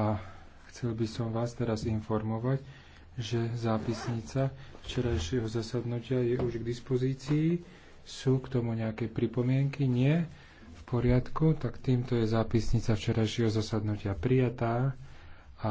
A chcel by som vás teraz informovať, že zápisnica včerajšieho zasadnutia je už k dispozícii. Sú k tomu nejaké pripomienky? Nie? V poriadku? Tak týmto je zápisnica včerajšieho zasadnutia prijatá.